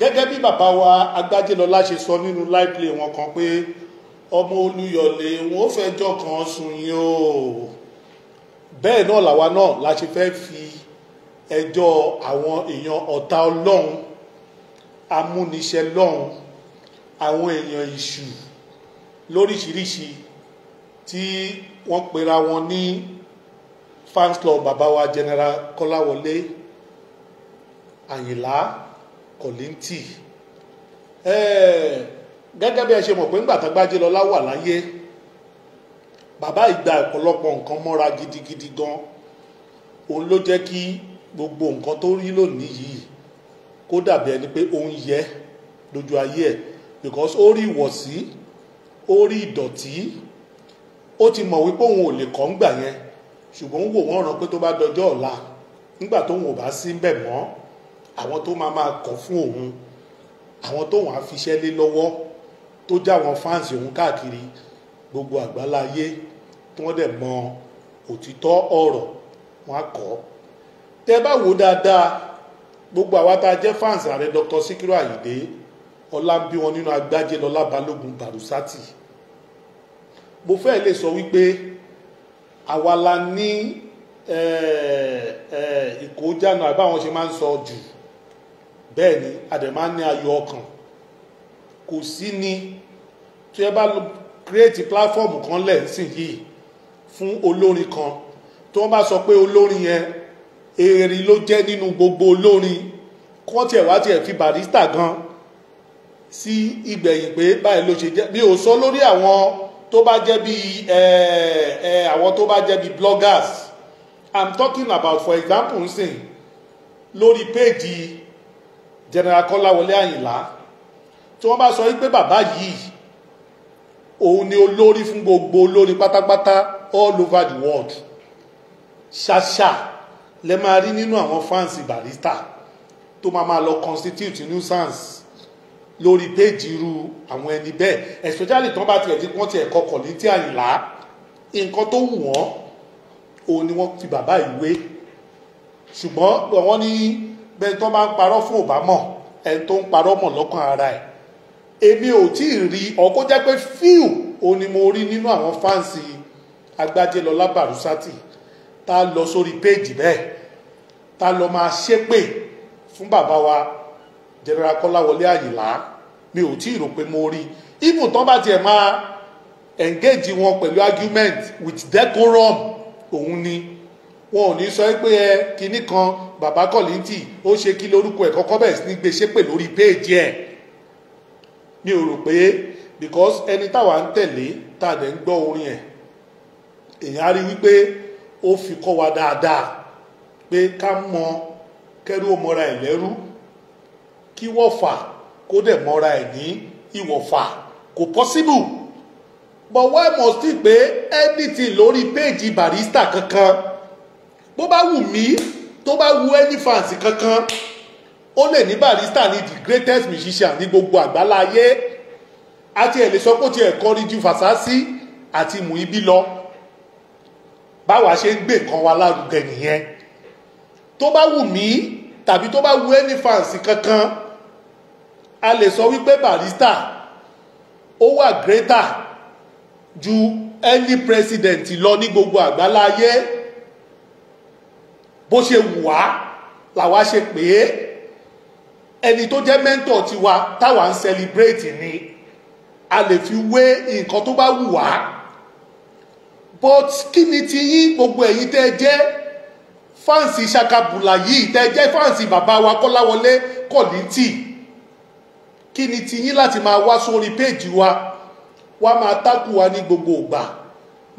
gẹ́gẹ́ bí bàbá wa agbájélọlá ṣe sọ nínú live play wọn kan pé ọmọ olúyọ̀lé wọn ò fẹjọ́ kan sùn yín o bẹ́ẹ̀ náà làwa náà la ṣe fẹ́ fi ẹjọ́ àwọn èèyàn ọ̀tá ọlọ́run amúniṣẹ́ lọ́run àwọn èèyàn ìṣù lóríṣiríṣi tí wọ́n pera wọn ní fans club bàbá wa general kọ́láwọlé àyìnlá kọ̀lẹ́ńtì gẹ́gẹ́ bí ẹ ṣe mọ̀ pé ńgbà tó Gbájúlọlá wà láyé bàbá ìgbà ọ̀pọ̀lọpọ̀ nǹkan mọ́ra gidigidi gan òun ló jẹ́ kí gbogbo nǹkan tó rí lónìí yìí kó dàbí ẹni pé òun yẹ lójú ayé ẹ̀ because ó rí ìwọ̀sí ó rí ìdọ̀tí ó ti mọ̀ wípé òun ò lè kọ́ ńgbà yẹn ṣùgbọ́n wò wọ́n ràn pé tó bá dọjọ́ ọ̀la nígbà tóun ò bá sí ń bẹ̀ mọ́ àwọn tó máa máa kọ̀ fún òun àwọn tóun á fiṣẹ́ lé lọ́wọ́ tó já wọn fáǹsì òun káàkiri gbogbo àgbáláyé tí wọ́n dẹ̀ mọ òtítọ́ ọ̀rọ̀ wọn á kọ́ bá wò dáadáa gbogbo àwa tá a jẹ́ fáǹsì ààrẹ Dr. Síkírù Àyìndé ọlá ń bí wọn nínú agbájé lọlá balógun bàrúsátì mo fẹ́ lè sọ wípé àwa la ní ìkójánu àbáwọn ṣe máa ń sọ jù bẹ́ẹ̀ ni àdẹ̀má ní ayọ̀ ọkàn kò sí ni tí ẹ bá kírètì pláfọ́ọ̀mù kan lẹ́sìn yìí fún olórin kan tí wọ́n bá sọ pé olórin yẹn èrè ló jẹ́ nínú gbogbo olórin kọ́ tiẹ̀ wá tiẹ̀ fi barista gan sí ìgbẹ̀yìn pé báyìí ló ṣe jẹ́ bí ò sọ lórí àwọn tó bá jẹ́ bí àwọn tó bá jẹ́ bí bloggers i'm talking about for example nsìn lórí péèjì general kọ́láwọlé àyìnlá tí wọ́n bá sọ wípé bàbá yìí òun ni olórí fún gbogbo olórí pátápátá all over the world ṣàṣà lẹ máa rí nínú àwọn fáǹsì Barrister tó máa máa lọ constitute nuisance lórí péjì irú àwọn ẹni bẹ́ẹ̀ especially tí wọ́n bá tiẹ̀ ti wọ́n tiẹ̀ kọkọ̀ ní tí àyìnlá nǹkan tó wù wọ́n òun ni wọ́n fi bàbá ìwé ṣùgbọ́n wọ́n ní bẹ́ẹ̀ tó bá ń parọ́ fún òbámọ̀ ẹni tó ń parọ́ mọ̀ lọ́kàn ara ẹ̀ èmi ò tí ì rí ọkọ jẹ́ pé fíù o ni mo rí nínú àwọn fáǹsì agbájẹlọlá bàrúsátì tá a lọ sórí péèjì bẹ́ẹ̀ tá a lọ máa ṣépè fún bàbá wa general kọ́láwọlé àyìnlá mi ò tí ì rò pé mo rí even tán bá tiẹ̀ máa engage wọn pẹ̀lú argument with decorum òun ni wọn ò ní sọ pé ẹ kinní kan bàbá kọ̀lìntì ó ṣe kí lórúkọ ẹ̀ kọ́kọ́ bẹ̀rẹ̀ sí ní gbé ṣépè lórí péèjì ẹ̀ mi ò rò pé because ẹni táwa ń tẹ̀lé tá a dẹ̀ ń gbọ́ orin ẹ̀ èèyàn á rí wípé ó fi kọ́ wa dáadáa pé ká mọ kẹ́rú ó mọra ẹ̀ lẹ́rú kí wọ́n fà kó dẹ̀ mọra ẹ̀ ní ìwọ̀fà kò possible but why must it pé anything lórí péèjì barista kankan bó bá wù mí tó bá wù ẹni fans kankan ó lè ní Barrister ní the greatest musician ní gbogbo àgbáláyé àti ẹ̀ lè sọ pé ó ti ẹ̀ kọrin ju Fàsásí àti Muyideen lọ báwa ṣe ń gbé nǹkan wa lárugẹ nìyẹn tó bá wù mí tàbí tó bá wù ẹni fans kankan a lè sọ wípé Barrister ó wà greater ju ẹni president lọ ní gbogbo àgbáláyé bó ṣe wù wá làwa ṣe pé ẹni tó jẹ́ mẹ́ńtọ̀ tiwa táwa ń sẹlibrétì ni a lè fi wé nǹkan tó bá wù wá but kí ni ti yín gbogbo ẹ̀yin tẹ́ ẹ jẹ́ fáǹsì ṣakabùlà yìí tẹ́ ẹ jẹ́ fáǹsì bàbá wa kọ́láwọlé kọ̀lìntì kí ni ti yín láti máa wá sórí péèjì wa wá máa tákù wa ní gbogbo ìgbà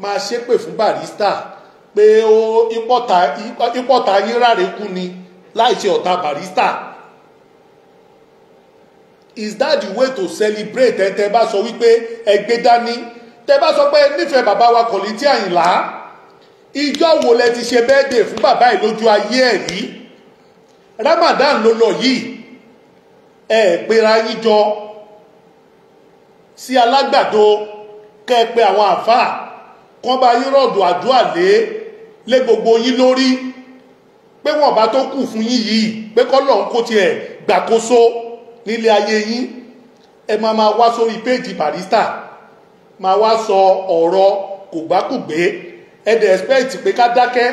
máa ṣépè fún barista pé ó ipọ́ta yín ráre kú ni láì ọ̀tá barista is that the way to celebrate ẹ tẹ bá sọ wípé ẹgbẹ́ dání tẹ bá sọ pé nífẹ̀ẹ́ bàbá wa Kollity Àyìnlá ìjọ wo lẹ ti ṣe bẹ́ẹ̀dè fún bàbá yìí lójú ayé ẹ̀ rí Ramadan ló lọ yìí ẹ pera yín jọ sí alágbàdo kẹ́ ẹ pé àwọn àáfàá kán bá yín rọ̀dù àdúrà lé lé gbogbo yín lórí pé wọ́n bá tó kù fún yín yìí pé kọ́lọ́hún kó tiẹ̀ gbàkóso nílé ayé yín ẹ máa máa wá sórí péèjì barista máa wá sọ ọ̀rọ̀ kògbákùgbé ẹ dẹ̀ expect pé ká dákẹ́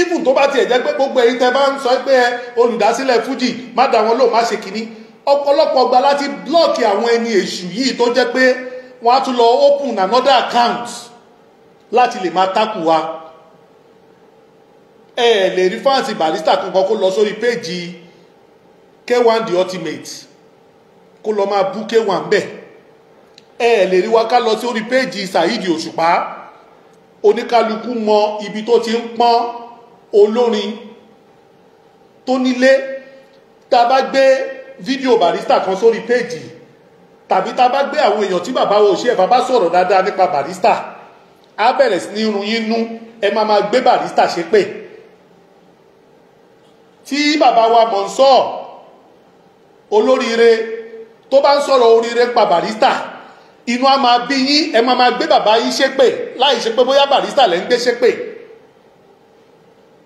even tó bá tiẹ̀ jẹ́ pé gbogbo ẹ̀yin tẹ́ bá ń sọ pé olùdásílẹ̀ fújì má dá wọn lóun má ṣe kínní ọ̀pọ̀lọpọ̀ gba láti blọ́ọ̀kì àwọn ẹni èṣù yìí tó jẹ́ pé wọ́n á tún lọ open another account láti lè máa takù ẹ lè rí fáǹsì Barrister kankan kó lọ sórí péjì K1 the ultimate kó lọ máa bú K1 bẹ́ẹ̀ ẹ lè rí wa ká lọ sórí péjì Saheed Òṣùpá oníkálukú mọ ibi tó ti ń pọ́n olórin tó nílé tá a bá gbé fídíò Barrister kan sórí péjì tàbí tá a bá gbé àwọn èèyàn tí bàbá wo ṣe ẹ̀fà bá sọ̀rọ̀ dáadáa nípa Barrister á bẹ̀rẹ̀ sí ní run yín nú ẹ máa máa gbé Barrister ṣépè tí bàbá wa Mọ̀nsọ́ olóríire tó bá ń sọ̀rọ̀ oríire pa Barrister inú a máa bí yín ẹ máa máa gbé bàbá yín ṣépè láì ṣe pé bóyá Barrister lẹ́ ń gbé ṣépè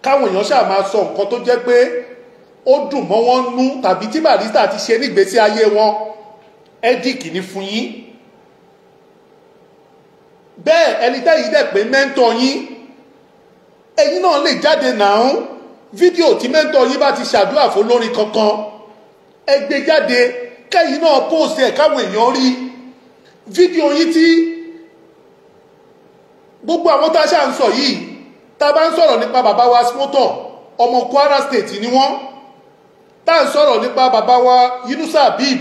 káwọn èèyàn ṣáà máa sọ nǹkan tó jẹ́ pé ó dùn mọ́ wọn nú tàbí tí Barrister ti ṣe nígbésí ayé wọn ẹ́díkì ní fún yín bẹ́ẹ̀ ẹni tẹ́yìí dẹ̀ pé mẹ́ńtọ̀ yín ẹ̀yin náà lè jáde nàún fídíò tí mẹ́ńtọ́ yín bá ti ṣàdúrà fún lórí kankan ẹ gbé jáde kẹ́yìn náà post ẹ̀ káwọn èèyàn rí fídíò yín tí gbogbo àwọn tá a ṣà ń sọ yìí tá a bá ń sọ̀rọ̀ nípa bàbá wa smoton ọmọ Kwara State ni wọ́n tá a ń sọ̀rọ̀ nípa bàbá wa Yunusa Habib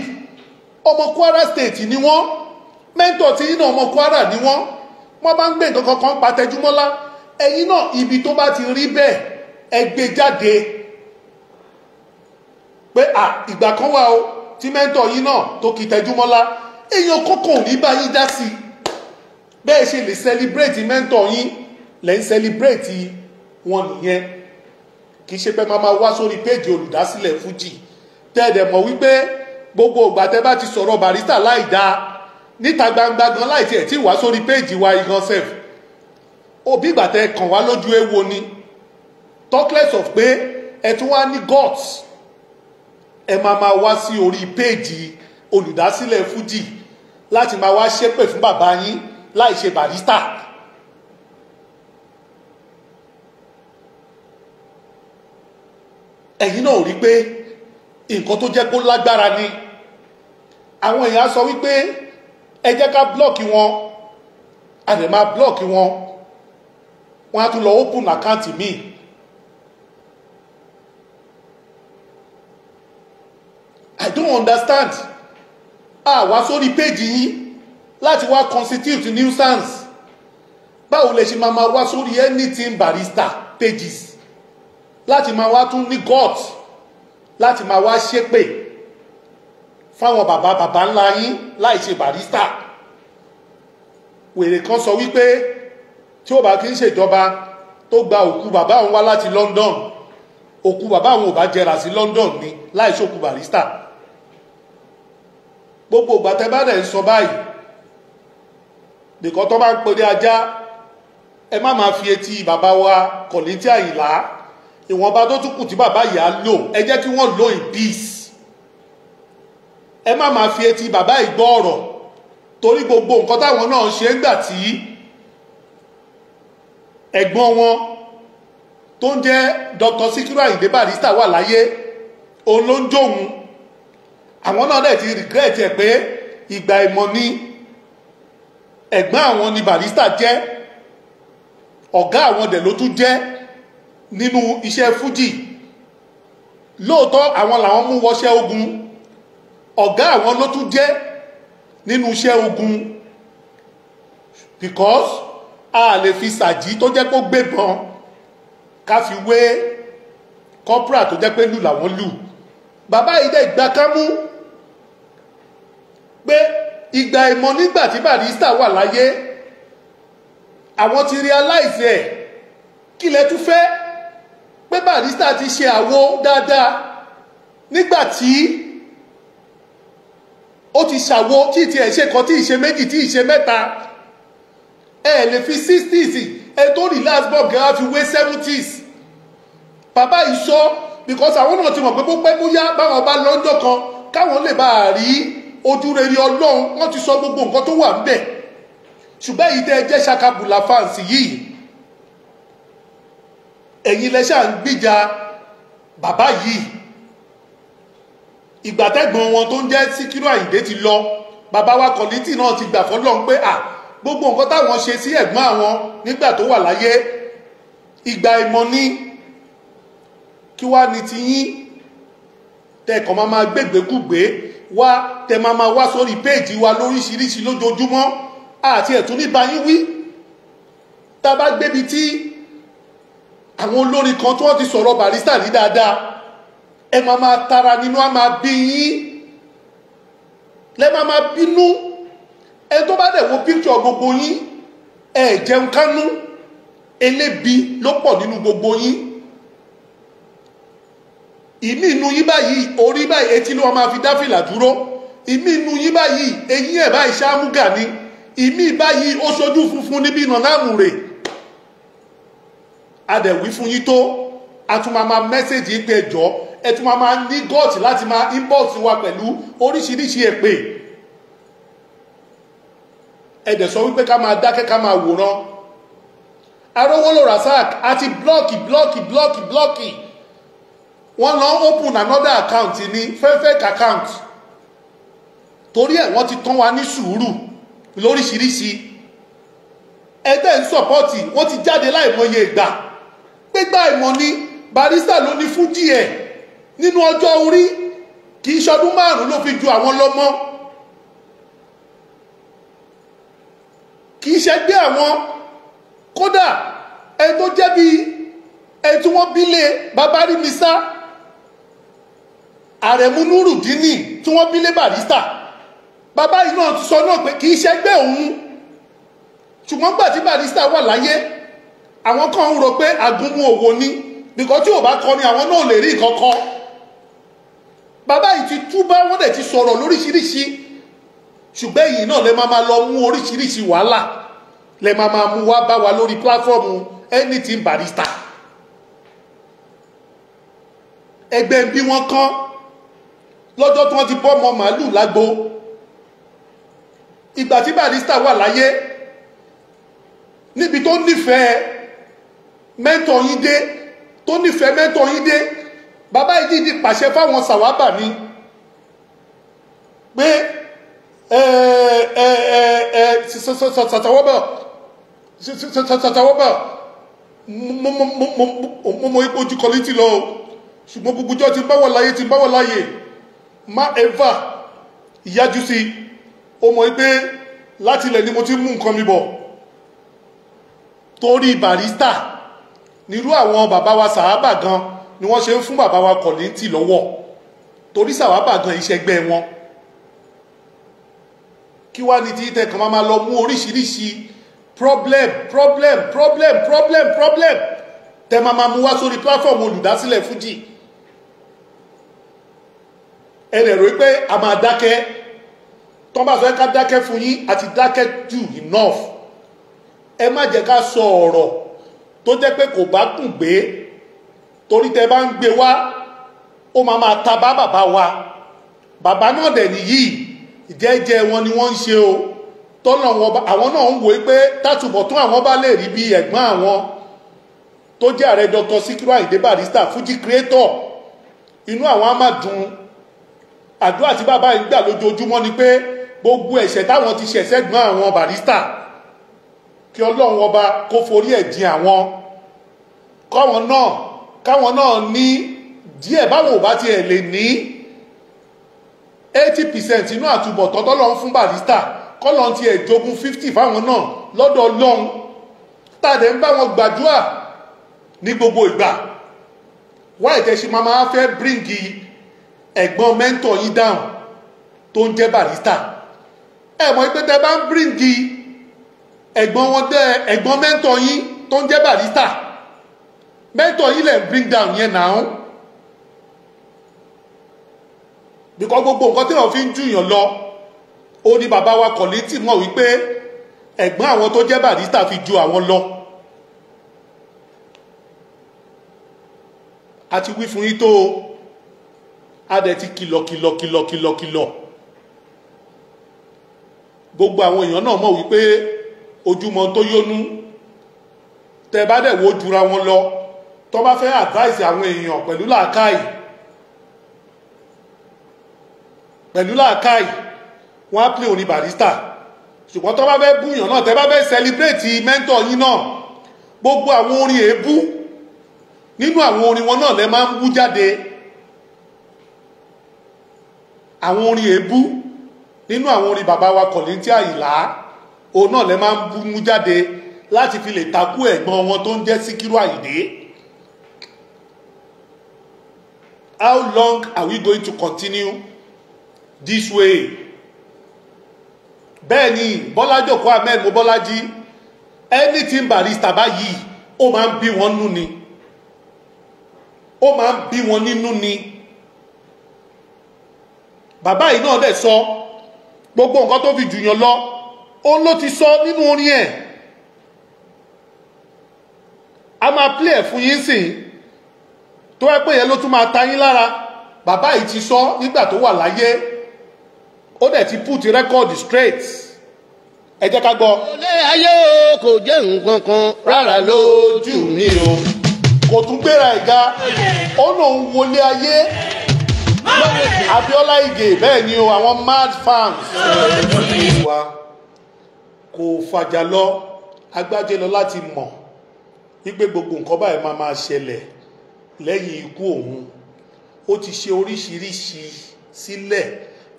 ọmọ Kwara State ni wọ́n mẹ́ńtọ̀ tí yín náà ọmọ Kwara ni wọ́n wọ́n bá ń gbé nǹkan kankan pa Tẹjúmọ́lá ẹ̀yin náà ibi tó bá ti rí bẹ́ẹ̀ ẹgbẹ́ jáde pé à ìgbà kan wà o tí mẹ́ńtọ̀ yín náà tó kì í tẹ́jú mọ́lá èèyàn kókò ní bá yín dá sí i bẹ́ẹ̀ ṣe lè celebrate mẹ́ńtọ̀ yín lẹ́ ń celebrate wọn nìyẹn kì í ṣe pé máa máa wá sórí péèjì olùdásílẹ̀ fújì tẹ́ẹ̀dẹ̀ mọ̀ wípé gbogbo ìgbà tẹ́ bá ti sọ̀rọ̀ barista láì dáa níta gbangba gan láì tiẹ̀ tí wá sórí péèjì wa igan sef òbí ìgbà tẹ́ kàn wá lójú ewo ni talkless of pé ẹ tún wá ní guts ẹ máa máa wá sí orí péèjì olùdásílẹ̀ fújì láti máa wá ṣépè fún bàbá yín láì ṣe barista. ẹ̀yin náà rí pé nǹkan tó jẹ́ kó lágbára ni àwọn èèyàn sọ wípé ẹ jẹ́ ká blọ́ọ̀kì wọn a lè máa blọ́ọ̀kì wọn wọ́n á tún lọ open account míì I don't understand Ah, àwa sórí péjì yín láti wá constitute nuisance báwo lè ṣe máa máa wá sórí anything barista pages láti máa wá tún ní gut láti máa wá ṣépè fáwọn bàbá bàbá ńlá yín láì ṣe barrister wèrè kan sọ wípé tí ó bá kí ń ṣèjọba tó gba òkú bàbá òun wá láti London òkú bàbá òun ò bá jẹrà sí London ni láì ṣòkú barrister gbogbo ìgbà tẹ́ bá dẹ̀ ń sọ báyìí nìkan tó bá ń pèrè ajá ẹ má máa fi etí bàbá wa Kollington Àyìnlá ìwọ̀nba tó tún kù tí bàbá yìí á lò ẹ jẹ́ kí wọ́n lò in peace ẹ má máa fi etí bàbá yìí gbọ́ ọ̀rọ̀ torí gbogbo nǹkan táwọn náà ṣe ń gbà tí ẹ̀gbọ́n wọn tó ń jẹ́ Dr. Sikiru Ayinde Barrister wà láyé òun ló ń jóun àwọn náà dẹ̀ ti regret ẹ̀ pé ìgbà ìmọ̀ ni ẹ̀gbọ́n àwọn ni Barrister jẹ́ ọ̀gá àwọn dẹ̀ ló tún jẹ́ nínú iṣẹ́ fújì lóòótọ́ àwọn làwọn mú wọṣẹ́ ogun ọ̀gá àwọn ló tún jẹ́ nínú iṣẹ́ ogun because a lè fi sàjí tó jẹ́ kó gbébọn ká fi wé kọ́pùrà tó jẹ́ pé lù làwọn lù bàbá yìí dẹ̀ gbà kámú pé ìgbà ìmọ̀ nígbà tí Barrister wà láyé àwọn ti realize ẹ̀ kí lẹ tún fẹ́ pé Barrister ti ṣe àwo dáadáa nígbà tí ó ti ṣàwo tí ì tiẹ̀ ṣe kan tí ì ṣe méjì tí ì ṣe mẹ́ta ẹ lè fi sixties ẹ tó ní last bob gan-an fi wé seventies bàbá yìí sọ because àwọn náà ti mọ̀ pé bó pẹ́ bóyá báwọn bá lọ́jọ́ kan káwọn lè bá a rí ojúrere ọlọ́run wọ́n ti sọ gbogbo nǹkan tó wà níbẹ̀ ṣùgbọ́n èyí tẹ́ ẹ jẹ́ ṣakabùlà fáǹsì yìí ẹ̀yin lẹ́ṣà ń gbìjà bàbá yìí ìgbàtẹ́gbọ̀n wọn tó ń jẹ́ Síkírù Àyìndé ti lọ bàbá wa kọ̀lítì náà ti gbà fọ́lọ́run pé à gbogbo nǹkan táwọn ṣe sí ẹ̀gbọ́n àwọn nígbà tó wà láyé ìgbà ìmọ̀ ni kí wá ni ti yín tẹ́ẹ̀kan máa máa gbégbékúgbé wá tẹ máa máa wá sórí péèjì wa lóríṣiríṣi lójoojúmọ́ àti ẹ̀tún níbà yín wí tá a bá gbébi tí àwọn olórin kan tí wọ́n ti sọ̀rọ̀ Barrister rí dáadáa ẹ máa máa tara nínú á máa bí yín lẹ́ máa máa bínú ẹ tó bá dẹ̀ wo píkṣọ̀ gbogbo yín ẹ jẹun kánú elébi ló pọ̀ nínú gbogbo yín ìmí inú yín báyìí orí báyìí etí ló máa fi dáfìlà dúró ìmí inú yín báyìí eyín ẹ̀ báyìí ṣáàmùgà ni ìmí báyìí ó ṣojú funfun níbi nànáàmù rè adẹ̀wí fún yín tó a tún máa máa mẹ́sẹ̀jì pé ẹjọ́ ẹ ní gọ́ọ̀tì láti máa inbox wa pẹ̀lú oríṣiríṣi èpè ẹ dẹ̀ sọ wípé ká máa dákẹ́ ká máa wòran Arówólò Rasaq àti blọ́ọ̀kì blọ́ọ̀kì blọ́ọ̀kì blọ́ọ̀kì wọ́n lọ open another account ní fake account torí ẹ̀ wọ́n ti tán wa ní sùúrù lóríṣiríṣi ẹ̀dẹ́ ń sọ̀pọ́tì wọ́n ti jáde láìmọye ìgbà gbígbà ìmọ̀ ni barista ló ní fún díẹ̀ nínú ọjọ́ orí kì í ṣọdún márùn-ún ló fi ju àwọn lọ́mọ́ kì í ṣe gbé àwọn kódà ẹni tó jẹ́ bíi ẹni tí wọ́n bí lé bàbá rí mi sá àrẹ̀mú nurudini tí wọ́n bí lé barista bàbá yìí náà sọ náà pé kì í ṣẹgbẹ́ òun ṣùgbọ́n gbà tí barista wà láyé àwọn kan ń rò pé agungun òwò ni bìkọ́ tí ò bá kọ ni àwọn náà lè rí nǹkan kọ bàbá yìí ti túbá wọ́n dẹ̀ ti sọ̀rọ̀ lóríṣiríṣi ṣùgbọ́n èyí náà lè máa máa lọ mú oríṣiríṣi wàhálà lè máa máa mú wá bá wa lórí pílàfọ́ọ̀mù anything barista ẹgbẹ́ bí wọ́n kán lọ́jọ́ tí wọ́n ti bọ́ ọmọ màálù lágbo ìgbà tí Barrister wà láyé níbi tó nífẹ̀ẹ́ mẹ́tọ̀ yín dé tó nífẹ̀ẹ́ mẹ́tọ̀ yín dé bàbá yìí di pàṣẹ fáwọn sàwábà ni pé sàtàwọ́bà sàtàwọ́bà mo mọ ipò ojú kọ́lé ti lọ ṣùgbọ́n gbogbo jọ́ ti báwọ̀ láyé ti báwọ̀ láyé má ẹ̀fà ìyájú sí ó mọ̀ pé láti ilẹ̀ ni mo ti mú nǹkan mi bọ̀ torí barista nírú àwọn bàbá wa sàábà gan ni wọ́n ṣe ń fún bàbá wa kọ̀lẹ́ntì lọ́wọ́ torí sàábà gan ìṣẹ́gbẹ́ wọn kí wá ní tí tẹ̀kàn máa lọ mú oríṣiríṣi problem problem problem problem problem tẹ máa máa mú wá sórí platform olùdásílẹ̀ fújì ẹ̀rẹ̀ rò pé a máa dákẹ́ tó bá sọ ká dákẹ́ fún yín àti dákẹ́ jù enough ẹ má jẹ́ ká sọ ọ̀rọ̀ tó jẹ́ pé kò bá kùn gbé torí tẹ bá ń gbé wá ó máa máa ta bá bàbá wa bàbá náà dẹ̀ nìyí ìjẹ́jẹ́ wọn ni wọ́n ń ṣe o tọ́nà àwọn náà ń wòó pé tátùbọ̀tún àwọn bá lè rí bí ẹ̀gbọ́n àwọn tó jẹ́ ààrẹ Dr. Sikiru Ayinde Barrister Fuji creator inú àwọn á máa dùn àdúrà tí bàbá yìí gbà lójoojúmọ́ ni pé gbogbo ẹ̀ṣẹ̀ táwọn ti ṣẹ̀ sẹ́gbọ́n àwọn barista kí ọlọ́run ọba kó forí ẹ̀ jìn àwọn kọ́wọn náà káwọn náà ní díẹ̀ báwọn ò bá tiẹ̀ lè ní eighty percent inú àtúbọ̀tán tọ́lọ́run fún barista kọ́lọ́n tiẹ̀ jogún fifty fáwọn náà lọ́dọ̀ ọlọ́run tàdé ń bá wọn gbàdúrà ní gbogbo ìgbà wáyé tẹ́ ṣe máa máa fẹ́ bíríǹgì ẹ̀gbọ́n mẹ́ńtọ̀ yín dáhùn tó ń jẹ́ barista ẹ mọ̀ pé tẹ bá ń bíríǹgì ẹ̀gbọ́n wọn dẹ́ ẹ̀gbọ́n mẹ́ńtọ̀ yín tó ń jẹ́ barista mẹ́ńtọ̀ yín lẹ̀ ń bring down yẹn náà bíkọ́ gbogbo nǹkan tí wọ́n fi ń júyàn lọ ó ní bàbá wa kọ̀lẹ́tì mọ̀ wípé ẹ̀gbọ́n àwọn tó jẹ́ barista fi ju àwọn lọ. a ti wí fún yín tó o adẹ̀ ti kìlọ̀ kìlọ̀ kìlọ̀ kìlọ̀ kìlọ̀ gbogbo àwọn èèyàn náà mọ̀ wípé ojúmọ́ tó yónú tẹ́ bá dẹ̀ wo jura wọn lọ tó bá fẹ́ advice àwọn èèyàn pẹ̀lú làákàyè pẹ̀lú làákàyè wọ́n á play oní barista ṣùgbọ́n tó bá fẹ́ búyàn náà tẹ́ bá fẹ́ celebrate mentor yín náà gbogbo àwọn orin èébú nínú àwọn orin wọn náà lẹ máa ń wú jáde àwọn orin èébú nínú àwọn orin bàbá wa Kọ̀líńtì Àyìnlá òun náà lè máa ń mú jáde láti fi lè takú ẹ̀gbọ́n wọn tó ń jẹ́ Síkírù Àyìndé how long are we going to continue this way bẹ́ẹ̀ ni Bọ́lájòkó Ahmed Mobọ́lájí anything barista báyìí ó máa ń bí wọn nú ni ó máa ń bí wọn nínú ni. Ó bàbá yìí náà dẹ̀ sọ gbogbo nǹkan tó fi jùyàn lọ òun ló ti sọ nínú orin ẹ̀ a máa play ẹ̀ fún yín sìn tó ẹ pé yẹn ló tún máa ta yín lára bàbá yìí ti sọ nígbà tó wà láyé ó dẹ̀ ti put record straight ẹ jẹ́ ká gbọ́. olè ayé kò jẹ́ nǹkan kan rárá lójú mi o kò tún gbéra ẹ̀ ga ó lòun wọlé ayé. Abiola Ige bẹ́ẹ̀ ni o àwọn mad fans. wa kò fàjà lọ agbájé lọ láti mọ̀ wípé gbogbo nǹkan báyìí máa máa ṣẹlẹ̀ lẹ́yìn ikú òun ó ti ṣe oríṣiríṣi sílẹ̀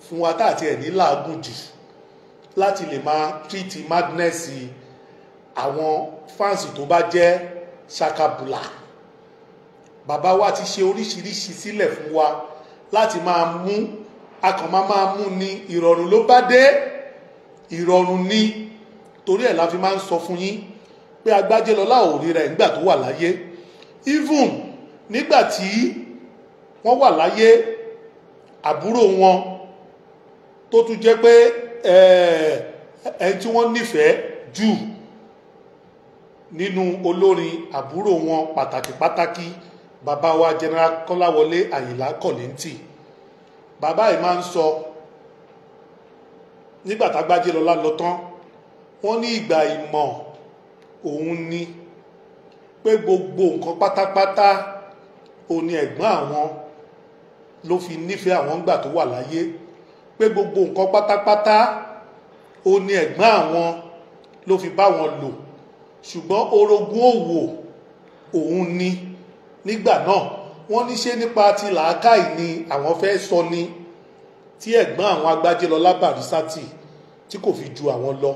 fún wa tá àti ẹ̀ ní làágùn jù láti lè máa tírìtì madness àwọn fáǹsì tó bá jẹ́ ṣakabula bàbá wa ti ṣe oríṣiríṣi sílẹ̀ fún wa láti máa mú akàn máa máa mú ni ìrọ̀rùn ló bá dé ìrọ̀rùn ni torí ẹ̀ la fi máa ń sọ fún yín pé agbájélọlá ò rí rẹ̀ nígbà tó wà láyé even nígbà tí wọ́n wà láyé àbúrò wọn tó tún jẹ́ pé eh, ẹni tí wọ́n nífẹ̀ẹ́ jù nínú olórin àbúrò wọn pàtàkì pàtàkì bàbá wa general kọ́láwọlé àyìnlá kọ̀lẹ́ntì bàbá yìí máa ń sọ nígbà tágbájé lọ́lá lọ tán wọ́n ní ìgbà ìmọ̀ òun ni pé gbogbo nǹkan pátápátá òun ni ẹ̀gbọ́n àwọn ló fi nífẹ̀ẹ́ àwọn ńgbà tó wà láyé pé gbogbo nǹkan pátápátá òun ni ẹ̀gbọ́n àwọn ló fi bá wọn lò ṣùgbọ́n orogún òwò òun ni nígbà náà wọ́n ní ṣe nípa ti làákàì ni àwọn fẹ́ sọ ni tí ẹ̀gbọ́n àwọn agbájẹ́lọ́lá bàrísátì tí kò fi ju àwọn lọ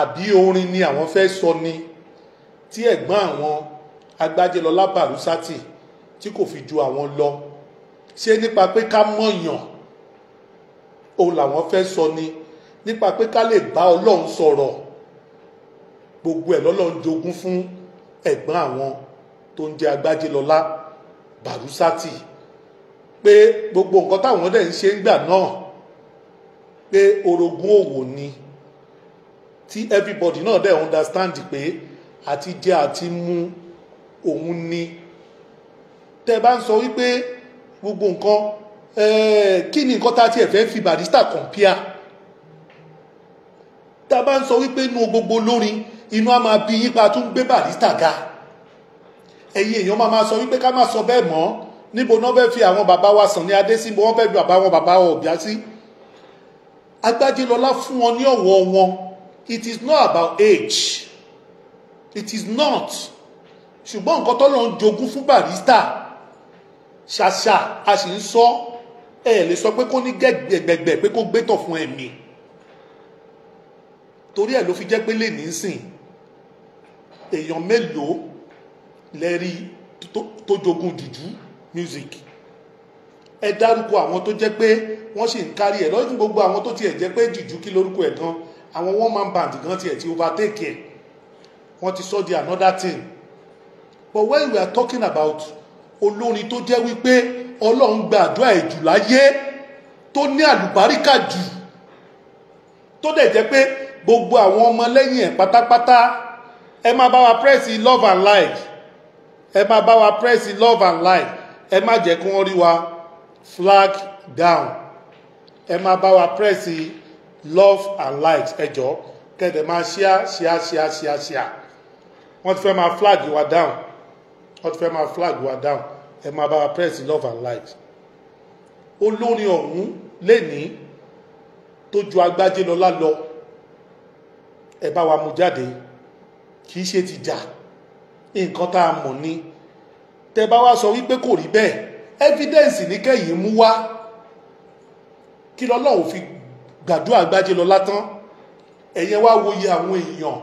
àbí orin ni àwọn fẹ́ sọ ni tí ẹ̀gbọ́n àwọn agbájẹ́lọ́lá bàrísátì tí kò fi ju àwọn lọ ṣe nípa pé ká mọ̀yàn òun làwọn fẹ́ sọ ni nípa pé ká lè bá ọlọ́run sọ̀rọ̀ gbogbo ẹ̀ lọ́lọ́run jogún fún ẹ̀gbọ́n àwọn tó ń jẹ́ agbájélọlá bàrúsátì pé gbogbo nǹkan táwọn dẹ̀ ń ṣe ń gbà náà pé orogún òwò ni tí everybody náà dẹ̀ understand pé àti jẹ àti mu òun ni tẹ́ bá ń sọ wípé gbogbo nǹkan kí ni nǹkan tá a tiẹ̀ fẹ́ fi barista compare tá a bá ń sọ wípé inú gbogbo lórin inú a máa bí yípa tó ń gbé barista ga ẹ̀yin èèyàn máa máa sọ wípé ká má sọ bẹ́ẹ̀ mọ́ níbo náà fẹ́ẹ́ fi àwọn bàbá wa Sànní Adé sí níbo wọ́n fẹ́ẹ́ fi bàbá wọn bàbá wọn Ọ̀bìà sí Agbájínlọ́lá fún wọn ní ọ̀wọ̀ wọn it is not about age it is not ṣùgbọ́n nǹkan tó lọ ń jogún fún Barrister ṣàṣà a sì ń sọ ẹ lè sọ pé kó ní gẹ́gbẹ̀gbẹ̀ pé kó gbẹ́tọ̀ fún ẹ̀mí torí ẹ̀ ló fi jẹ́ pé lè nísìn èèyàn mélòó lẹ́rí tó jogún jùjú music ẹ dárúkọ àwọn tó jẹ́ pé wọ́n sì ń kárí ẹ̀ lọ́dún gbogbo àwọn tó tiẹ̀ jẹ́ pé jùjú kí lórúkọ ẹ̀ gan àwọn one man band gan tiẹ̀ ti overtake ẹ̀ wọ́n ti sọ di another thing but when we are talking about olórin tó jẹ́ wípé ọlọ́run gba àdúrà ẹ̀ jù láyé tó ní àlùbáríkà jù tó dẹ̀ jẹ́ pé gbogbo àwọn ọmọ lẹ́yìn ẹ̀ pátápátá ẹ máa bá wa press love and like ẹ máa bá wa press love and light ẹ má jẹ́ kí wọ́n rí wa flag down ẹ máa bá wa press love and light ẹ jọ kẹ́dẹ̀ máa ṣíà ṣíà ṣíà ṣíà ṣíà wọ́n ti fẹ́ máa flag wa down wọ́n ti fẹ́ máa flag wa down ẹ máa bá wa press love and light olórin ọ̀hún lẹ́ni tó ju agbájé lọ́lá lọ ẹ bá wa mú jáde kì í ṣe ti dáa nǹkan tá a mọ̀ ni tẹ bá wá sọ wípé kò rí bẹ́ẹ̀ evidence ní kẹ́yìn mú wá kí lọ́lọ́run fi gbàdúrà gbájé lọ látán ẹ̀yẹ wá wòye àwọn èèyàn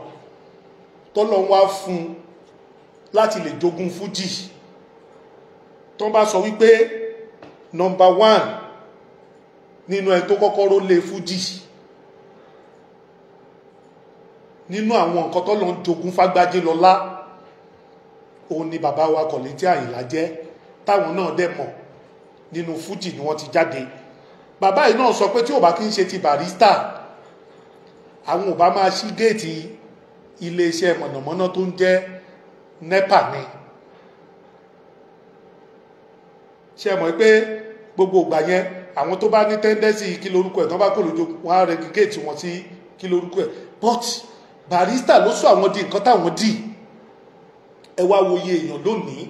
tọ́lọ́run wá fún láti lè jogún fújì tọ́n bá sọ wípé nọmba one nínú ẹ tó kọ́kọ́ ró lé fújì nínú àwọn nǹkan tọ́lọ́run jogún fágbájé lọ́lá òun ni bàbá wa Kollington Àyìnlá jẹ́ táwọn náà dẹ̀ mọ̀ nínú fújì ni wọ́n ti jáde bàbá yìí náà sọ pé tí ò bá kí ń ṣe ti barista àwọn ò bá máa ṣí géètì iléeṣẹ́ mọ̀nàmọ́ná tó ń jẹ́ nepa ni ṣe mọ̀ pé gbogbo ìgbà yẹn àwọn tó bá ní tẹ́ndẹ́sì kí lorúkọ ẹ̀ tán bá kò lójó wọn á rẹ géètì wọn sí kí lorúkọ ẹ̀ but barista ló sọ àwọn di nǹkan táwọn dì í ẹ wá wo iye èèyàn lónìí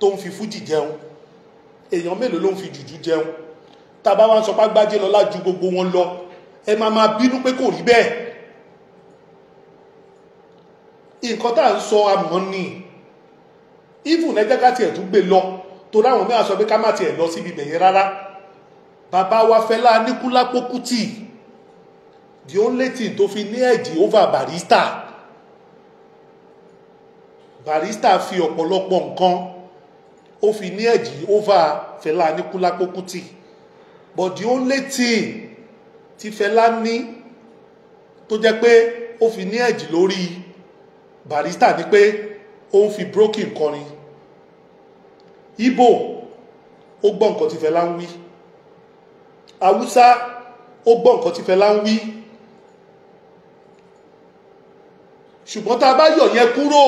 tó ń fi fújì jẹun èèyàn mélòó ló ń fi jùjú jẹun tàbá wá ń sọ págbájé lọ́lá ju gbogbo wọn lọ ẹ máa máa bínú pé kò rí bẹ́ẹ̀ nǹkan tá à ń sọ àmọ́ ni even ẹjẹ́ ká tiẹ̀ tún gbé lọ tó dáwọn mẹ́wàá sọ pé ká má tiẹ̀ lọ síbi bẹ̀yẹn rárá bàbá wa Fẹlá Aníkúlápó Kútì the only thing tó fi ní ẹ̀jì over barista. Barista fi ọ̀pọ̀lọpọ̀ nǹkan ó fi ní ẹ̀jì over Fẹlá Aníkúlápó Kútì but the only thing tí Fẹlá ní tó jẹ́ pé ó fi ní ẹ̀jì lórí barista ni pé ó ń fi broken kọrin Ibo, ó gbọ́ nǹkan tí Fẹlá ń wí Haúsá ó gbọ́ nǹkan tí Fẹlá ń wí ṣùgbọ́n tá a bá yọ̀ yẹn kúrò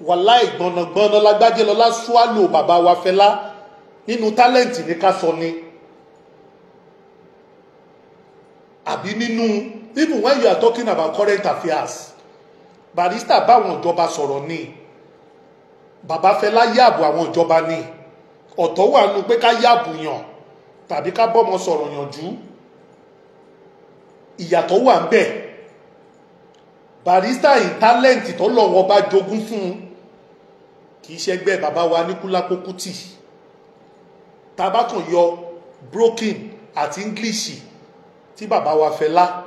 wàláì gbọ̀nàgbọ̀nà lágbájé lọlá ṣúálò bàbá wa fẹlá nínú tálẹ́ǹtì ní ká sọ ni àbí nínú even when you are talking about current affairs barista báwọn ìjọba sọ̀rọ̀ ni bàbá fẹlá yàbò àwọn ìjọba ni ọ̀tọ̀ wà nù pé ká yàbò yàn tàbí ká bọ́mọ sọ̀rọ̀ yànjú ìyàtọ̀ wà ń bẹ́ẹ̀ Barista yìí talent tó lọ́wọ́ bá jogún fún un kì í ṣẹgbẹ́ bàbá wa ní Kúlákó tabakan yọ broken àti English tí bàbá wa Fẹlá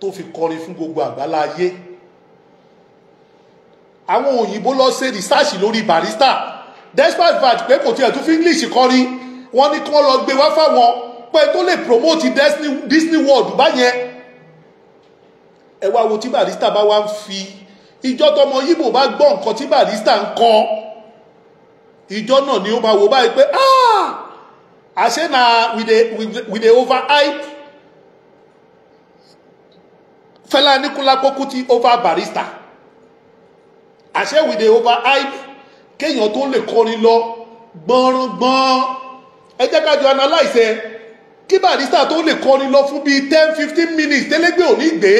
tó fi kọrin fún gbogbo àgbálá ayé àwọn òyìnbó lọ ṣe research lórí Barrister despite fact pé kò tiẹ̀ tún fi English kọrin wọ́n ní kí wọ́n lọ gbé wá fáwọn pé tó lè promote Disney World báyẹn ẹ wá wo tí Barrister bá wá ń fi ìjọ tọmọ yíbò bá gbọ́ nǹkan tí Barrister ń kọ ìjọ náà ni ó máa wò báyìí pé ah àṣẹ na we dey over hype Fẹlá Aníkúlápó Kútì over Barrister àṣẹ with dey over hype kéèyàn tó lè kọrin lọ gbọ́nrọ́gbọ́n ẹ jẹ́ ká jọ analyse ẹ kí Barrister tó lè kọrin lọ fún bíi ten fifteen minutes tẹ́lẹ́gbẹ́ ò ní gbé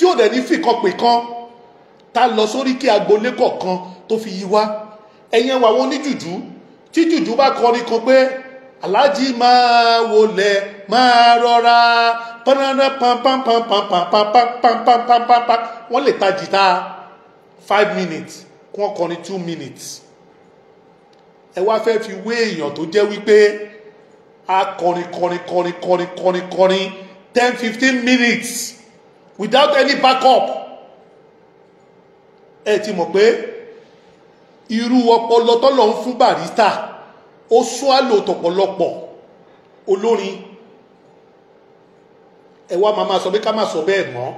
tí ò dẹ̀ ní fìkan pè kan tá lọ sórí kí agboolé kọ̀ọ̀kan tó fi yí wá ẹ̀yẹn wà wọ́n ní jùjú tí jùjú bá kọrin kan pé aláàjì máa wọlé máa rọra fifteen minutes without any backup ẹ ti mọ̀ pé irú ọpọlọ tọ́lọ̀ ń fún barista ó swallow tọ̀pọ̀lọpọ̀ olórin ẹ wá máa máa sọ pé ká máa sọ bẹ́ẹ̀ mọ́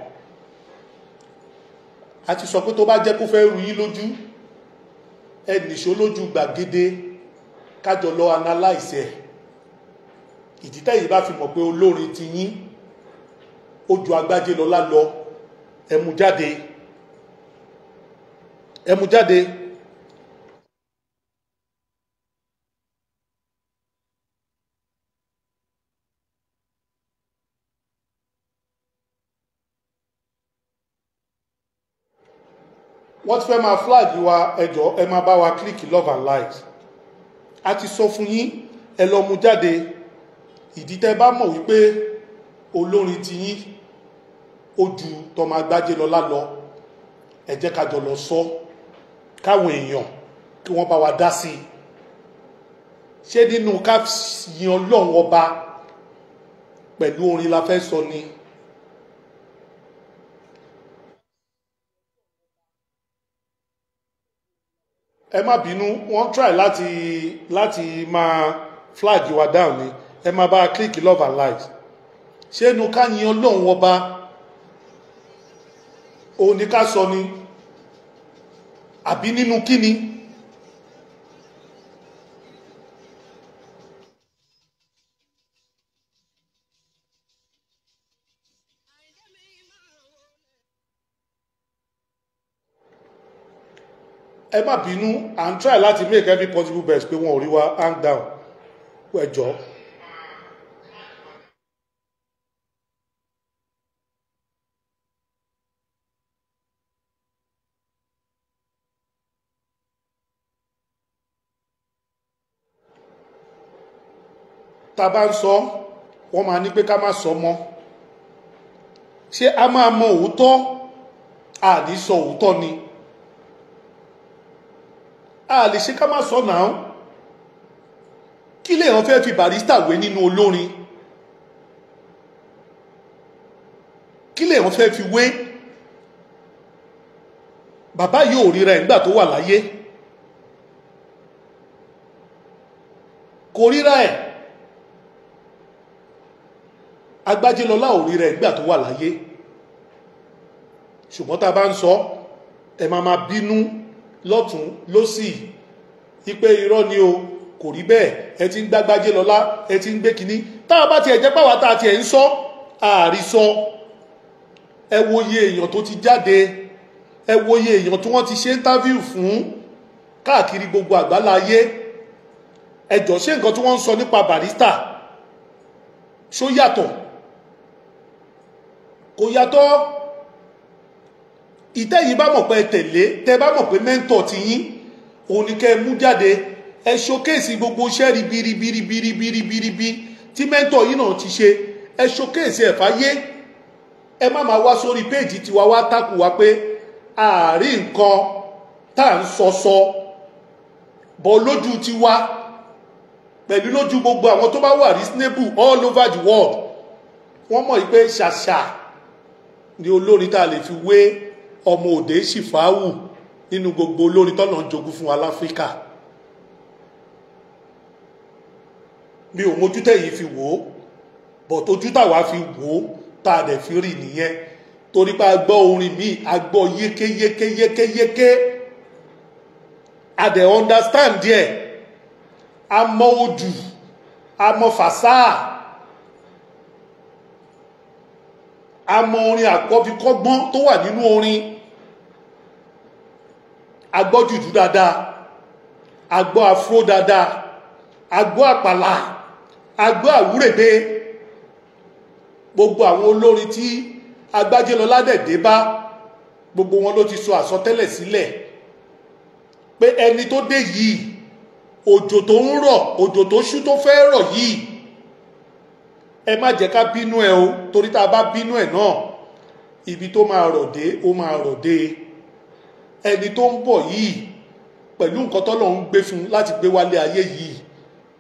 a ti sọ pé tó bá jẹ́ kó fẹ́ rú yín lójú ẹ nìṣó lójú gbàgede kájọ lọ analyze ẹ̀ ìdí bá fi mọ̀ pé olórin ti yín ó ju agbájé lọ lálọ ẹmu wọ́n ti fẹ́ máa flag wa ẹjọ́ ẹ máa bá wa click love and light a ti sọ fún yín ẹ lọ mu jáde ìdí tẹ́ bá mọ̀ wípé olórin ti yín ó ju tọmọ agbájé lọ lálọ ẹ jẹ́ kájọ lọ sọ káwọn èèyàn kí wọ́n bá wa dá sí i ṣé nínú ká yin ọlọ́run pẹ̀lú orin la fẹ́ sọ ni. ẹ má bínú wọ́n try láti láti máa flag wa down ni ẹ má bá a click love and light ṣé inú ká yin ọlọ́run ọba òun ni ká sọ ni àbí nínú kíni ẹ má bínú à ń láti make every possible best pé wọn ò rí wa hang down ẹjọ́. Well, ta bá ń sọ wọ́n máa ní pé ká má sọ mọ́ ṣé a máa mọ òótọ́ àdí sọ òótọ́ ni a lè ṣe ká má sọ náà kí lèèyàn fẹ́ fi barista wé nínú olórin kí lèèyàn fẹ́ fi wé bàbá yóò ríra ẹ̀ nígbà tó wà láyé kò ríra ẹ̀ agbájélọlá òrí rẹ̀ nígbà tó wà láyé ṣùgbọ́n tá a bá ń sọ ẹ máa ma bínú lọ́tún lọ́sì ipe irọ́ ni o kò rí bẹ́ẹ̀ ẹ ti ń gbágbájélọlá ẹ ti ń gbé kinní tá a bá tiẹ̀ jẹ́ pàwọ́ tá a tiẹ̀ ń sọ ààrí ẹ wo iye èèyàn tó ti jáde ẹ wo iye èèyàn tí wọ́n ti ṣe interview fún káàkiri gbogbo àgbáláyé ẹjọ́ ṣé nǹkan tí wọ́n ń sọ nípa Barrister ṣó yàtọ̀ kò yàtọ̀ ìtẹ́yìn bá mọ̀ pé tẹ̀lé tẹ́ bá mọ̀ pé mẹ́ńtọ̀ ti yín òun ni kẹ́ ẹ mú jáde ẹ ṣokéèsì gbogbo iṣẹ́ ribiribiribiribiribi tí mẹ́ńtọ̀ yìí náà ti ṣe ẹ ṣokéèsì ẹ̀fà yé ẹ má máa wá sórí péèjì tiwa wá tákù wá pé àárín nǹkan tá à ń sọ sọ bọ́ lójú tiwa pẹ̀lú lójú gbogbo àwọn tó bá wà reasonable all over the world wọ́n mọ̀ yìí pé ṣàṣà ni olórin tá a lè fi wé ọmọ òde ṣìfáwù nínú gbogbo olórin tọ́nà ń jogún fún wa láfíríkà mi ò mojú tẹ̀yìn fi wò ó bọ̀t ojú táwa fi wò ó tá a dẹ̀ fi rí nìyẹn torí bá a gbọ́ orin míì a gbọ́ yékéyékéyékéyéké a dẹ̀ understand díẹ̀ a mọ ojú a mọ fàsáà. a mọ orin àkọ́fikọ́gbọ́n tó wà nínú orin agbọ́jùjú dáadáa agbọ́ afro dáadáa agbọ́ àpàlà agbọ́ àwúrèdè gbogbo àwọn olórin tí agbájélọlá dẹ̀dẹ̀ bá gbogbo wọn ló ti sọ àsọtẹ́lẹ̀ sílẹ̀ pé ẹni tó dé yìí òjò tó ń rọ̀ òjò tó ṣú tó fẹ́ rọ̀ yìí ẹ má jẹ́ ká bínú ẹ o torí tá a bá bínú ẹ náà ibi tó máa rọ̀ dé ó máa rọ̀ dé ẹni tó ń bọ̀ yìí pẹ̀lú nǹkan tọ́lọ̀ ń gbé fún láti gbé wálé ayé yìí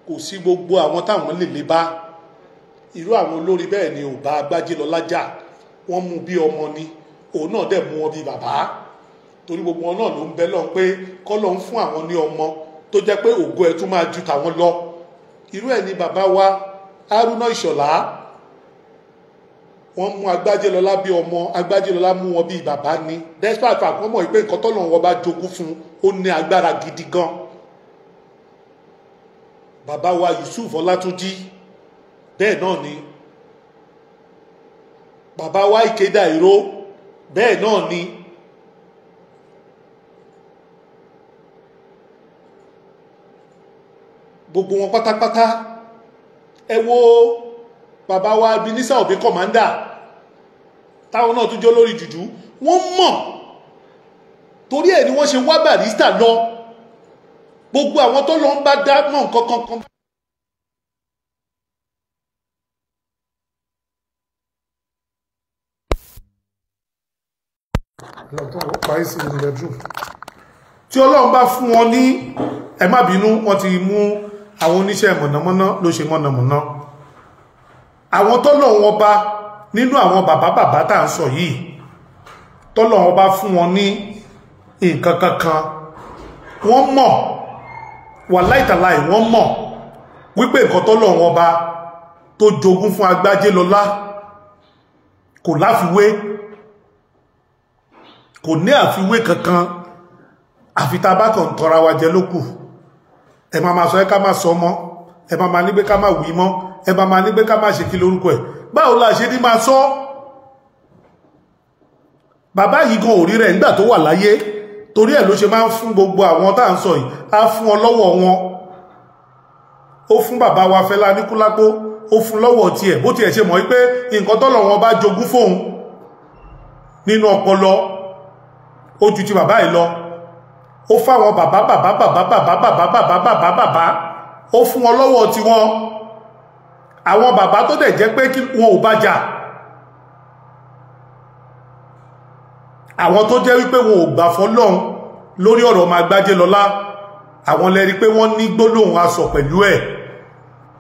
kò sí gbogbo àwọn táwọn lè lè bá irú àwọn olórí bẹ́ẹ̀ ni ò bá agbájé lọ lájà wọ́n mú bí ọmọ ni òun náà dẹ̀ mú wọn bí bàbá torí gbogbo wọn náà ló ń bẹ lọ́n pé kọ́lọ́ ń fún àwọn ní ọmọ tó jẹ́ pé ògo ẹ̀ tún máa ju tàwọn lọ irú ẹ̀ ni bàbá wa haruna ìṣọ̀lá wọ́n mú agbájélọlá bí ọmọ agbájélọlá mú wọn bí bàbá ni despite fact wọ́n mọ̀ pé nǹkan tọ́lọ̀ wọn bá jogún fún ó ní agbára gidi gan bàbá wa yusuf ọlátúnjí bẹ́ẹ̀ náà ni bàbá wa ìkéda ìró bẹ́ẹ̀ náà ni gbogbo wọn pátápátá ẹ wo bàbá wa Ebenezer Obey kọ̀mándà táwọn náà tún jọ lórí jùjú wọ́n mọ̀ torí ẹ̀ ni wọ́n ṣe wá Barrister lọ gbogbo àwọn tó lọ ń bá dá mọ̀ nǹkan kankan tí ọlọ́run bá fún wọn ní ẹ má bínú wọ́n ti mú àwọn oníṣẹ́ mọ̀nàmọ́ná ló ṣe mọ̀nàmọ́ná àwọn tọ́lọ́run ọba nínú àwọn bàbá bàbá tá à ń sọ yìí tọ́lọ́run ọba fún wọn ní nǹkan kankan wọ́n mọ̀ wà láìtàláì wọ́n mọ̀ wípé nǹkan tọ́lọ́run ọba tó jogún fún agbájé lọ́lá kò láfiwé kò ní àfiwé kankan àfi tá a bá kàn tọra wa jẹ lókù ẹ máa máa sọ ẹ ká máa sọ mọ́ ẹ máa máa ní pé ká máa wí mọ́ ẹ máa máa ní pé ká máa ṣe kí lórúkọ ẹ̀ báwo la ṣe ní máa sọ bàbá yìí gan òrí rẹ̀ nígbà tó wà láyé torí ẹ̀ ló ṣe máa ń fún gbogbo àwọn tá à ń sọ yìí á fún ọ lọ́wọ́ wọn ó fún bàbá wa Fẹlá Aníkúlápó ó fún lọ́wọ́ tiẹ̀ bó tiẹ̀ ṣe mọ̀ pé nǹkan tọ́lọ̀ wọn bá jogún fóun nínú ọpọlọ ó ju ti bàbá yìí lọ ó fáwọn bàbá bàbá bàbá bàbá bàbá bàbá bàbá bàbá ó fún wọn lọ́wọ́ tiwọn àwọn bàbá tó dẹ̀ jẹ́ pé wọn ò bá jà àwọn tó jẹ́ wípé wọn ò gbà fọ́lọ́run lórí ọ̀rọ̀ máa gbájé lọ́lá àwọn lẹ́rí pé wọ́n ní gbólóhùn asọ̀ pẹ̀lú ẹ̀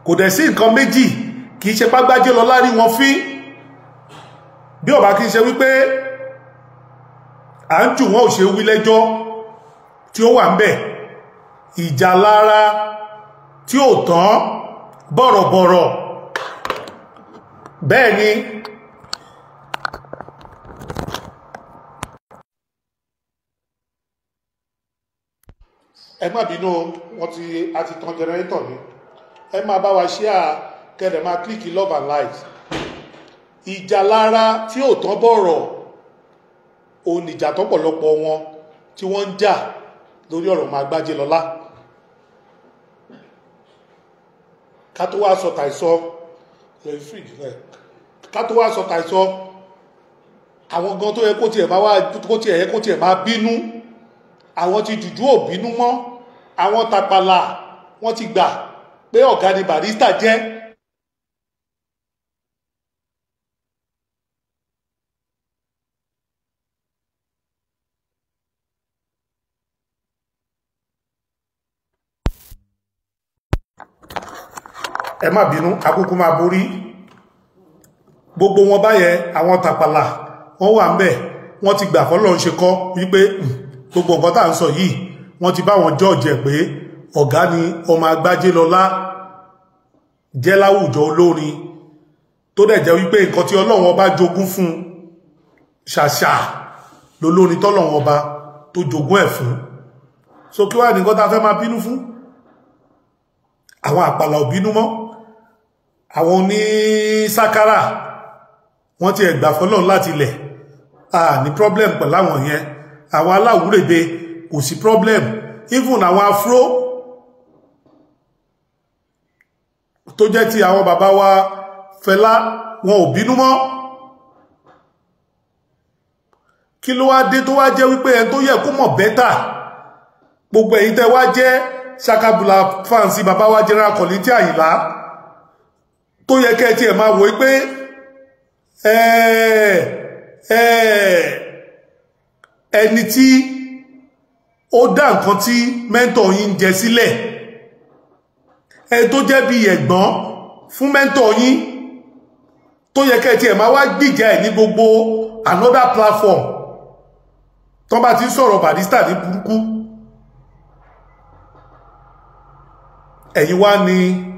kò dẹ̀ sí nǹkan méjì kì í ṣe págbájé lọ́lá rí wọn fín bí ọba kì í ṣe wípé à ń jù wọn ò ṣe wí lẹ́jọ́ tí ó wà ń bẹ̀ ìjàlára tí ó tán bọ̀rọ̀bọ̀rọ̀ bẹ́ẹ̀ ni ẹ má bínú wọn ti a ti tan jẹnẹrétọ̀ ni ẹ máa bá wa ṣíà kẹ́lẹ̀ máa kílìkì love and light ìjàlára tí ò tán bọ̀rọ̀ òun ìjà tọ́pọ̀lọpọ̀ wọn tí wọ́n ń jà lórí ọ̀rọ̀ máa gbájé lọ́lá ká tó wá sọ tàìsọ ká tó wá sọ tàìsọ àwọn gan tó yẹ kó tiẹ̀ máa wá kó tiẹ̀ yẹ kó tiẹ̀ máa bínú àwọn ti jùjú ò bínú mọ́ àwọn tàpàlà wọ́n ti gbà pé ọ̀gá ni barista jẹ́ ẹ má bínú akúkú máa borí gbogbo wọn báyẹn àwọn tàpàlà wọn wà ń bẹ wọn ti gbà fọlọ́run ṣe kọ́ wípé hmm, gbogbo nǹkan tá à ń sọ yìí wọn ti bá wọn jọ́ọ̀jì ẹ̀ pé ọ̀gá ni ọmọ agbájé lọlá jẹ́ láwùjọ olórin tó dẹ̀ jẹ́ wípé nǹkan tí ọlọ́run ọba jogún fún ṣàṣà lolórin tọ́lọ́run ọba tó jogún ẹ̀ fún so kí wá nìkan tá a fẹ́ máa bínú fún àwọn àpàlà ò bínú mọ́ àwọn oní sákárà wọ́n ti ẹ̀gbà fọ́lọ́run láti ilẹ̀ a ní problem pẹ̀lú àwọn yẹn àwọn aláwúrèbe kò sí problem even àwọn afro tó jẹ́ ti àwọn bàbá wa Fẹlá wọn ò bínú mọ́ kí ló wá dé tó wá jẹ́ wípé ẹni tó yẹ kó mọ̀ bẹ́tà gbogbo ẹ̀yin tẹ́ wá jẹ́ sakabula fáǹsì bàbá wa General Kollington Àyìnlá tó yẹ kẹ́ tiẹ̀ máa wò pé ẹni tí ó dá nǹkan tí mẹ́ńtọ̀ yín ń jẹ sílẹ̀ ẹni tó jẹ́ bí ẹ̀gbọ́n fún mẹ́ńtọ̀ yín tó yẹ kẹ́ tiẹ̀ máa wá gbìjà ẹ̀ ní gbogbo another platform tó bá ti ń sọ̀rọ̀ Barrister ní burúkú ẹ̀yin wá ni. Burúkú,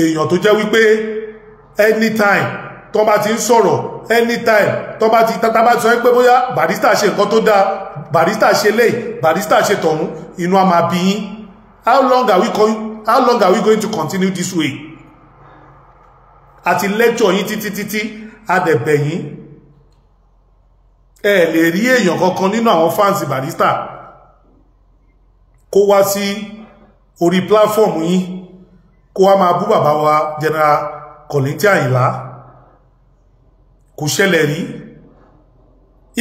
èèyàn tó jẹ́ wípé anytime tó bá ti ń sọ̀rọ̀ anytime tó bá ti tata bá ti sọ pé bóyá barista ṣe nǹkan tó dáa barista ṣe lẹ́yìn barista ṣe tọ̀hún inú a máa bí yín how long are we going how long are we going to continue this way àti lecture yín títí títí adẹ̀bẹ̀ yín ẹ lè rí èèyàn kankan nínú àwọn fans barista kó wá sí orí platform yín kó wá máa bú bàbá wa general kọ̀lẹ́tì àyìnlá kò ṣẹlẹ̀ rí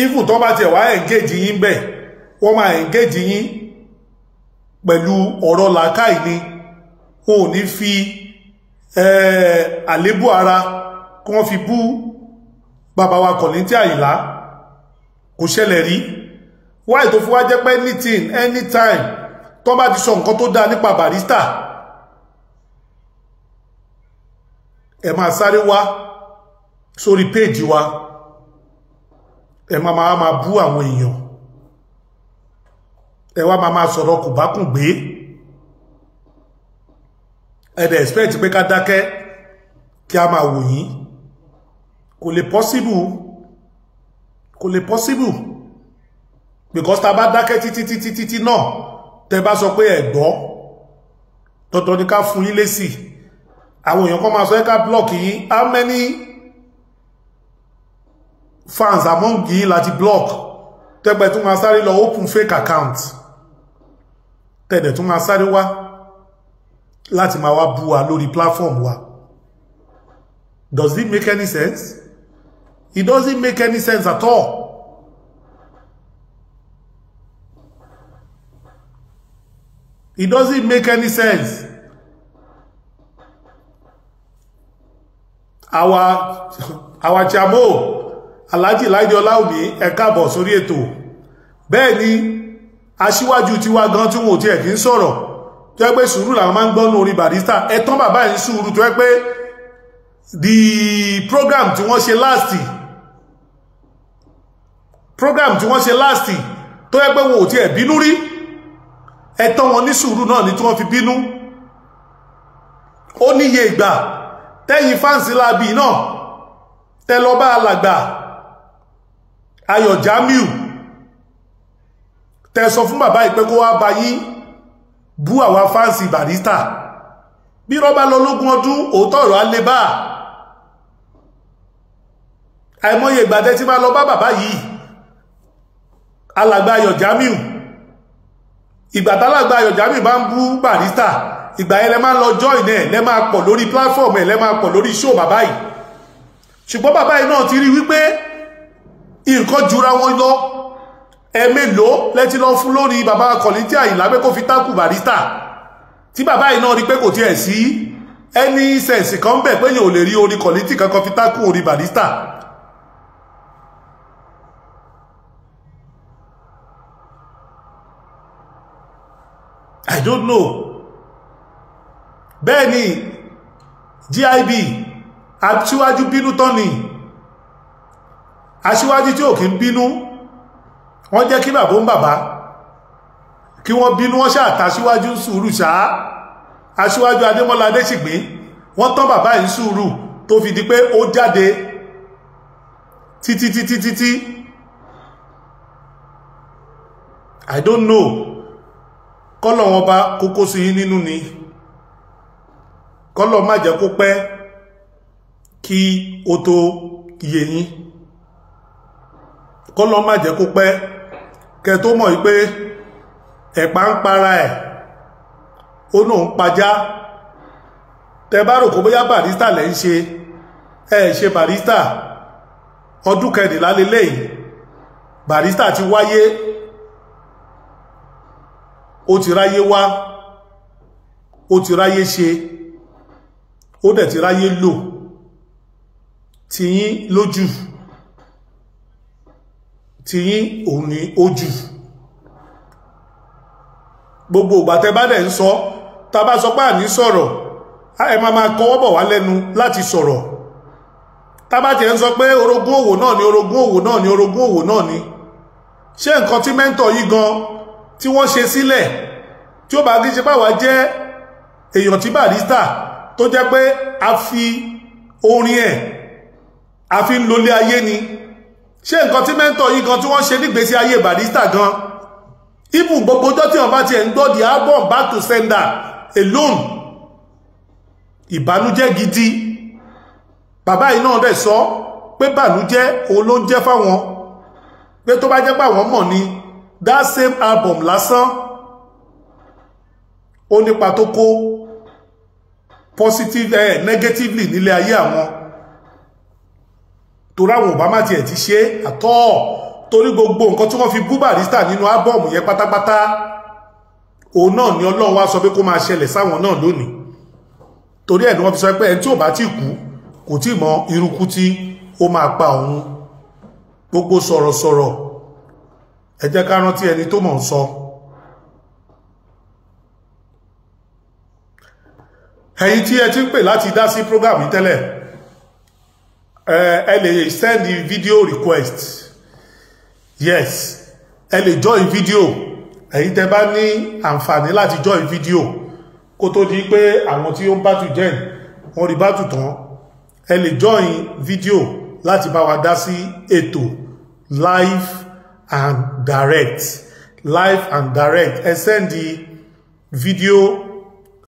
even tó bá tiẹ̀ wá engage yín bẹ̀ wọ́n máa engage yín pẹ̀lú ọ̀rọ̀ làákàì ni wọn ní fi àlébù ara kí wọ́n fi bú bàbá wa kọ̀lẹ́tì àyìnlá kò ṣẹlẹ̀ rí wáyé tó fi wá jẹ́ pé anything anytime tó bá ti sọ nǹkan tó dáa nípa Barrister ẹ máa sáré wá sórí péèjì wa ẹ máa máa máa bú àwọn èèyàn ẹ wá máa máa sọ̀rọ̀ kòbákùngbé ẹ dẹ̀ expect pé ká dákẹ́ kí a máa wò yín kò lè possible kò lè possible because ta bá dákẹ́ títí títí títí náà tẹ bá sọ pé ẹ gbọ́ dandan ni ká fún yín lésì. Si àwọn èèyàn kan máa sọ ẹ́ká block yìí how many fans among yìí láti block tẹ́gbẹ̀ tún máa sáré lọ open fake account tẹ́dẹ̀ tún máa sáré wá láti máa wá bú wa lórí platform wa does it make any sense it doesn't make any sense at all it doesn't make any sense àwa àwa chamo alhaji láìdí ọláòní ẹ káàbọ̀ sórí ètò bẹ́ẹ̀ ni aṣíwájú tiwa gan tí wọn ò tiẹ̀ kì í sọ̀rọ̀ tó ẹ pé sùúrù làwọn máa ń gbọ́nu orin barista ẹ tán bàbá yìí sùúrù tó ẹ pé the program tí wọ́n ṣe last program tí wọ́n ṣe last tó yẹ pé wọn ò tiẹ̀ bínú rí ẹ̀tọ́ wọn ní sùúrù náà ni tí wọ́n fi bínú ó níye ìgbà tẹ́yìn fáǹsì lábì náà tẹlọba alàgbà ayọ̀ jamiu tẹ sọ fún bàbá ìpé kó wá bá yí bú àwa fáǹsì barista bí rọ́bá lọ lógún ọdún òótọ́ ọ̀rọ̀ alébà àìmọye ìgbàdẹ́ tí máa lọ bá bàbá yìí alàgbà ayọ̀ jamiu ìgbàdálàgbà ayọ̀ jamiu bá ń bú barista ìgbà yẹn lẹ máa ń lọ join ẹ̀ lẹ máa pọ̀ lórí platform ẹ̀ lẹ máa pọ̀ lórí show bàbá yìí ṣùgbọ́n bàbá yìí náà ti rí wípé nǹkan jura wọn lọ ẹ̀mélòó lẹ́tí lọ fún lórí bàbá kọ̀lítì àyìnlá pé kó fi tákù barista tí bàbá yìí náà rí pé kò tiẹ̀ sí ẹni sẹ̀nsì kan bẹ̀ pé yẹn ò lè rí orí kọ̀lítì kankan fi tákù orí barista I don't know bẹ́ẹ̀ ni gib aṣíwájú bínú tán ni aṣíwájú tí ò kí ń bínú wọ́n jẹ́ kí bàbá ń bàbá kí wọ́n bínú wọ́n ṣàtà aṣíwájú sùúrù ṣáá aṣíwájú adémọ́lá adéṣìgbín wọ́n tán bàbá yìí sùúrù tó fi di pé ó jáde títí títí títí i don't know kọ́lọ̀ wọn bá kókó sí nínú ni. Nínú ni kọ́lọ̀ má jẹ́ kó pẹ́ kí o tó yé yín kọ́lọ̀ má jẹ́ kó pẹ́ kẹ tó mọ̀ wípé ẹ̀pà ń para ẹ̀ ó náà ń pajá tẹ bá rò kó bóyá barista lẹ́ ń ṣe ẹ ṣe barista ọdún kẹrìnlá lélẹ́yìn barista ti wáyé ó ti ráyé wá ó ti ráyé ṣe ó dẹ̀ ti ráyé lò ti yín lójú ti yín òun ni ó jù gbogbo ìgbà tẹ́ bá dẹ̀ ń sọ tá bá sọ pé àní sọ̀rọ̀ ẹ máa máa kọwọ́ wá lẹ́nu láti sọ̀rọ̀ tá bá tiẹ̀ ń sọ pé orogún òwò náà ni orogún òwò náà ni orogún òwò náà ni ṣé nǹkan tí mẹ́ńtọ̀ yìí gan tí wọ́n ṣe sílẹ̀ tí ó bá kí ṣe jẹ́ èèyàn tí Barrister tó jẹ́ pé a fi orin ẹ̀ a fi ń lólé ayé ni ṣé nǹkan tí mẹ́ńtọ̀ yìí gan tí wọ́n ṣe nígbésí ayé Barrister gan even gbogbo ọjọ́ tí wọ́n bá tiẹ̀ ń gbọ́ the album back to sender alone ìbànújẹ́ gidi bàbá yìí náà dẹ̀ sọ pé bànújẹ́ òun ló ń jẹ́ fáwọn pé tó bá jẹ́ pé àwọn mọ̀ ni that same album lásán ó nípa tó kó positive eh, negatively nílé ayé àwọn torí àwọn obama tiẹ̀ ti ṣe àtọ́ torí gbogbo nǹkan tí wọ́n fi bú Barrister nínú ábọ̀mù yẹn pátápátá òun náà ni ọlọ́run wá sọ pé kó máa ṣẹlẹ̀ sáwọn náà lónìí torí ẹ̀ ni wọ́n fi sọ pé ẹni tí ò bá tí kú kò tí mọ irúkú tí ó máa pa òun gbogbo sọ̀rọ̀sọ̀rọ̀ ẹ jẹ́ ká rántí ẹni tó mọ̀ ń sọ. So ẹ̀yin tí ẹ ti ń pè láti dá sí program yìí tẹ́lẹ̀ ẹ lè send video request yes ẹ lè join video ẹ̀yin tẹ́ bá ní àǹfààní láti join video kó tó di pé àwọn tí ó ń bátù jẹ́ wọ́n rí bátù tán ẹ lè join video láti bá wa dá sí ètò live and direct live and direct ẹ send video